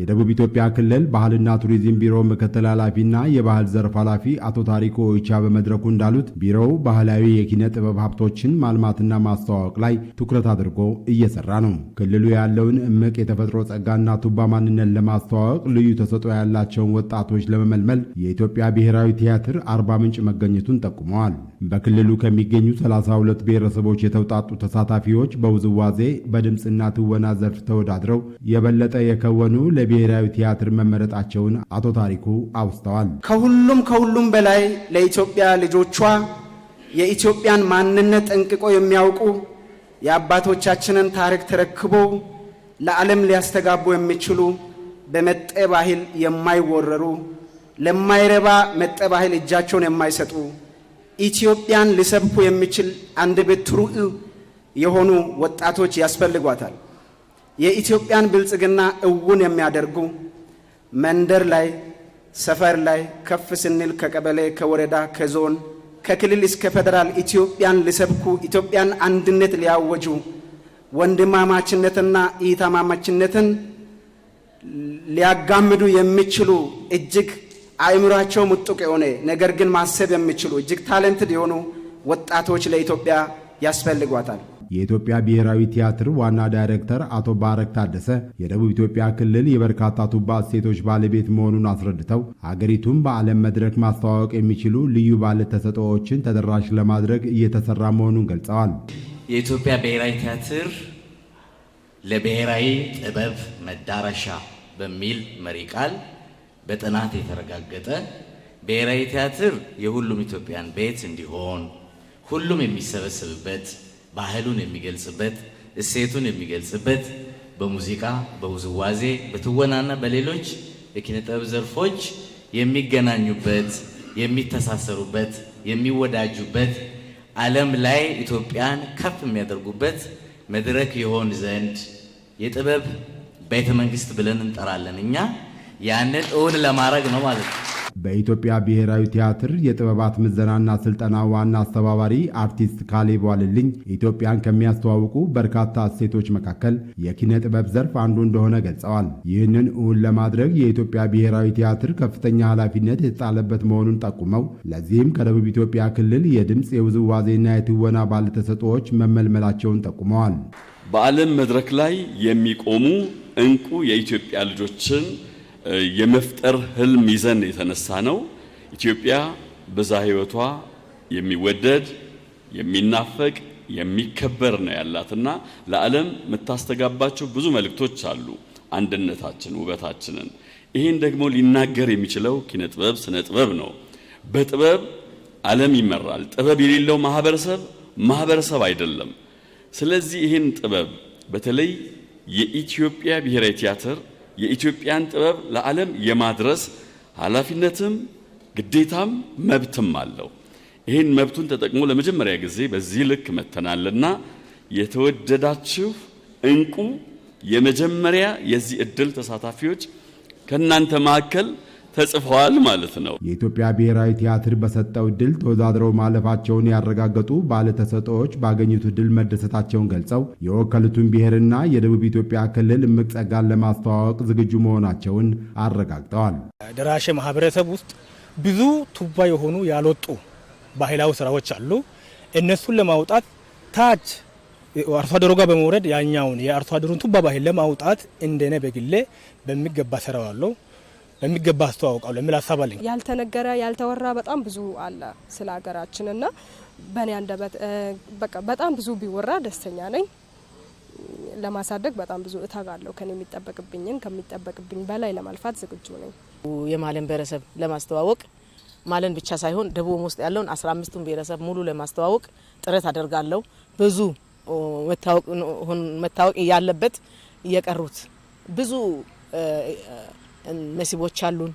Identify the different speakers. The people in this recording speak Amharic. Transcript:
Speaker 1: የደቡብ ኢትዮጵያ ክልል ባህልና ቱሪዝም ቢሮ ምክትል ኃላፊና የባህል ዘርፍ ኃላፊ አቶ ታሪኮ ኦይቻ በመድረኩ እንዳሉት ቢሮው ባህላዊ የኪነ ጥበብ ሀብቶችን ማልማትና ማስተዋወቅ ላይ ትኩረት አድርጎ እየሰራ ነው። ክልሉ ያለውን እምቅ የተፈጥሮ ጸጋና ቱባ ማንነት ለማስተዋወቅ ልዩ ተሰጥኦ ያላቸውን ወጣቶች ለመመልመል የኢትዮጵያ ብሔራዊ ቲያትር አርባ ምንጭ መገኘቱን ጠቁመዋል። በክልሉ ከሚገኙ 32 ብሔረሰቦች የተውጣጡ ተሳታፊዎች በውዝዋዜ በድምፅና ትወና ዘርፍ ተወዳድረው የበለጠ የከወኑ ለ ብሔራዊ ቲያትር መመረጣቸውን አቶ ታሪኩ አውስተዋል።
Speaker 2: ከሁሉም ከሁሉም በላይ ለኢትዮጵያ ልጆቿ የኢትዮጵያን ማንነት ጠንቅቆ የሚያውቁ የአባቶቻችንን ታሪክ ተረክቦ ለዓለም ሊያስተጋቡ የሚችሉ በመጤ ባህል የማይወረሩ ለማይረባ መጤ ባህል እጃቸውን የማይሰጡ ኢትዮጵያን ሊሰብኩ የሚችል ቤት ርቱዕ የሆኑ ወጣቶች ያስፈልጓታል። የኢትዮጵያን ብልጽግና እውን የሚያደርጉ መንደር ላይ ሰፈር ላይ ከፍ ስንል ከቀበሌ ከወረዳ ከዞን ከክልል እስከ ፌዴራል ኢትዮጵያን ሊሰብኩ ኢትዮጵያን አንድነት ሊያወጁ ወንድማማችነትና ኢታማማችነትን ሊያጋምዱ የሚችሉ እጅግ አእምሯቸው ምጡቅ የሆነ ነገር ግን ማሰብ የሚችሉ እጅግ ታለንትድ የሆኑ ወጣቶች ለኢትዮጵያ ያስፈልጓታል።
Speaker 1: የኢትዮጵያ ብሔራዊ ቲያትር ዋና ዳይሬክተር አቶ ባረክ ታደሰ የደቡብ ኢትዮጵያ ክልል የበርካታ ቱባ እሴቶች ባለቤት መሆኑን አስረድተው አገሪቱን በዓለም መድረክ ማስተዋወቅ የሚችሉ ልዩ ባለ ተሰጥኦዎችን ተደራሽ ለማድረግ እየተሰራ መሆኑን ገልጸዋል።
Speaker 3: የኢትዮጵያ ብሔራዊ ቲያትር ለብሔራዊ ጥበብ መዳረሻ በሚል መሪ ቃል በጥናት የተረጋገጠ ብሔራዊ ቲያትር የሁሉም ኢትዮጵያን ቤት እንዲሆን ሁሉም የሚሰበሰብበት ባህሉን የሚገልጽበት እሴቱን የሚገልጽበት በሙዚቃ በውዝዋዜ በትወናና በሌሎች የኪነ ጥበብ ዘርፎች የሚገናኙበት የሚተሳሰሩበት የሚወዳጁበት ዓለም ላይ ኢትዮጵያን ከፍ የሚያደርጉበት መድረክ የሆን ዘንድ የጥበብ ቤተ መንግስት ብለን እንጠራለን። እኛ ያንን እውን ለማድረግ ነው ማለት ነው።
Speaker 1: በኢትዮጵያ ብሔራዊ ቲያትር የጥበባት ምዘናና ስልጠና ዋና አስተባባሪ አርቲስት ካሌብ ዋልልኝ ኢትዮጵያን ከሚያስተዋውቁ በርካታ እሴቶች መካከል የኪነ ጥበብ ዘርፍ አንዱ እንደሆነ ገልጸዋል። ይህንን እውን ለማድረግ የኢትዮጵያ ብሔራዊ ቲያትር ከፍተኛ ኃላፊነት የተጣለበት መሆኑን ጠቁመው ለዚህም ከደቡብ ኢትዮጵያ ክልል የድምፅ የውዝዋዜና የትወና ባለተሰጥኦዎች መመልመላቸውን ጠቁመዋል።
Speaker 4: በዓለም መድረክ ላይ የሚቆሙ እንቁ የኢትዮጵያ ልጆችን የመፍጠር ህልም ይዘን የተነሳ ነው። ኢትዮጵያ በዛ ህይወቷ የሚወደድ የሚናፈቅ የሚከበር ነው ያላትና ለዓለም የምታስተጋባቸው ብዙ መልእክቶች አሉ። አንድነታችን፣ ውበታችንን ይህን ደግሞ ሊናገር የሚችለው ኪነ ጥበብ፣ ስነ ጥበብ ነው። በጥበብ ዓለም ይመራል። ጥበብ የሌለው ማህበረሰብ ማህበረሰብ አይደለም። ስለዚህ ይህን ጥበብ በተለይ የኢትዮጵያ ብሔራዊ ቲያትር የኢትዮጵያን ጥበብ ለዓለም የማድረስ ኃላፊነትም ግዴታም መብትም አለው። ይህን መብቱን ተጠቅሞ ለመጀመሪያ ጊዜ በዚህ ልክ መተናልና የተወደዳችሁ እንቁ የመጀመሪያ የዚህ እድል ተሳታፊዎች ከእናንተ መካከል ተጽፈዋል ማለት ነው።
Speaker 1: የኢትዮጵያ ብሔራዊ ቲያትር በሰጠው እድል ተወዳድረው ማለፋቸውን ያረጋገጡ ባለተሰጦዎች ባገኙት እድል መደሰታቸውን ገልጸው የወከሉትን ብሔርና የደቡብ ኢትዮጵያ ክልል እምቅ ጸጋን ለማስተዋወቅ ዝግጁ መሆናቸውን አረጋግጠዋል።
Speaker 5: ደራሼ ማህበረሰብ ውስጥ ብዙ ቱባ የሆኑ ያልወጡ ባህላዊ ስራዎች አሉ። እነሱን ለማውጣት ታች አርሶ አደሮ ጋር በመውረድ ያኛውን የአርሶ አደሩን ቱባ ባህል ለማውጣት እንደኔ በግሌ በሚገባ ሰራዋለሁ። በሚገባ አስተዋውቃሉ የሚል ሀሳብ አለኝ።
Speaker 6: ያልተነገረ ያልተወራ በጣም ብዙ አለ ስለ ሀገራችን እና በእኔ አንደበት በቃ በጣም ብዙ ቢወራ ደስተኛ ነኝ። ለማሳደግ በጣም ብዙ እታጋለሁ። ከኔ የሚጠበቅብኝን ከሚጠበቅብኝ በላይ ለማልፋት ዝግጁ ነኝ።
Speaker 7: የማለን ብሔረሰብ ለማስተዋወቅ ማለን ብቻ ሳይሆን ደቡብ ውስጥ ያለውን አስራ አምስቱን ብሔረሰብ ሙሉ ለማስተዋወቅ ጥረት አደርጋለሁ። ብዙ መታወቅ ያለበት የቀሩት ብዙ መስህቦች አሉን።